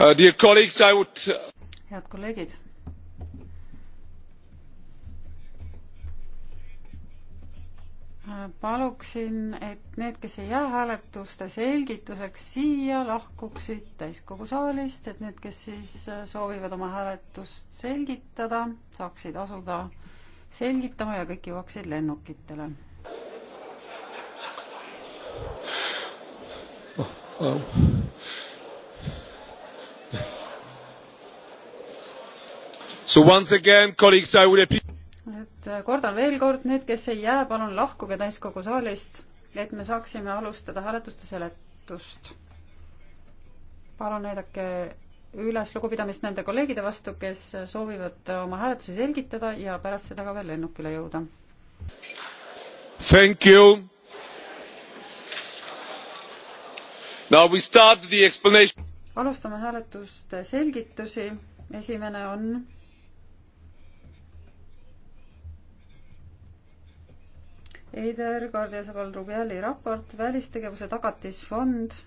Uh, would... Uh, head kolleegid. Uh, paluksin, et need, kes ei jää hääletuste selgituseks siia, lahkuksid täiskogu saalist, et need, kes siis soovivad oma hääletust selgitada, saaksid asuda selgitama ja kõik jõuaksid lennukitele oh,. Oh. So once again, colleagues, I would et äh, kordan veel kord, need, kes ei jää, palun lahkuge täiskogu saalist, et me saaksime alustada hääletuste seletust. palun näidake üles lugupidamist nende kolleegide vastu, kes soovivad oma hääletusi selgitada ja pärast seda ka veel lennukile jõuda. Thank you. Now we start the explanation. alustame hääletuste selgitusi. esimene on Eider, Guardia Sabal Rubiali raport, välistegevuse tagatisfond.